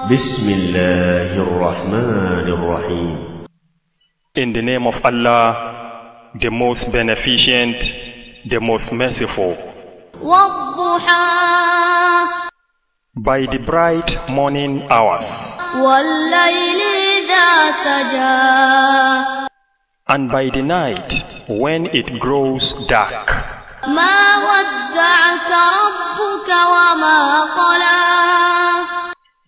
بسم الله الرحمن الرحيم In the name of Allah, the most beneficent, the most merciful. By the bright morning hours. And by the night when it grows dark. ما ودعك ربك وما قلى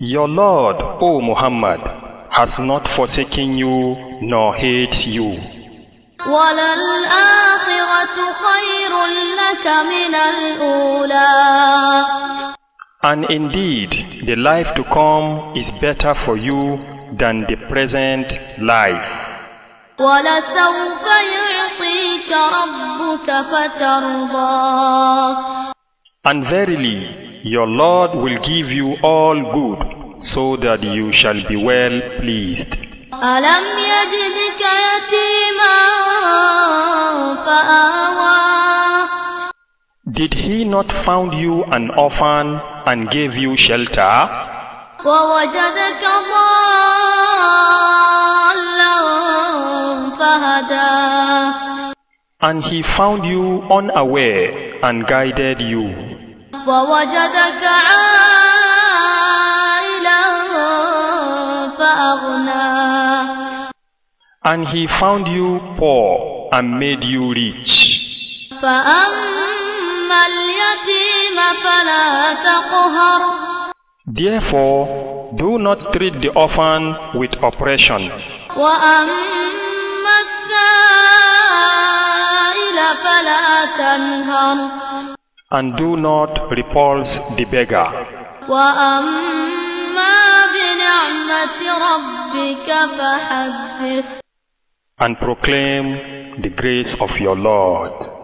your Lord, O Muhammad, has not forsaken you nor hates you. And indeed, the life to come is better for you than the present life. And verily, your Lord will give you all good, so that you shall be well pleased. Did he not found you an orphan and gave you shelter? And he found you unaware and guided you. عائلا فأغنى And he found you poor and made you rich. Therefore, do not treat the orphan with oppression. وأما السائل فلا تنهر and do not repulse the beggar. And proclaim the grace of your Lord.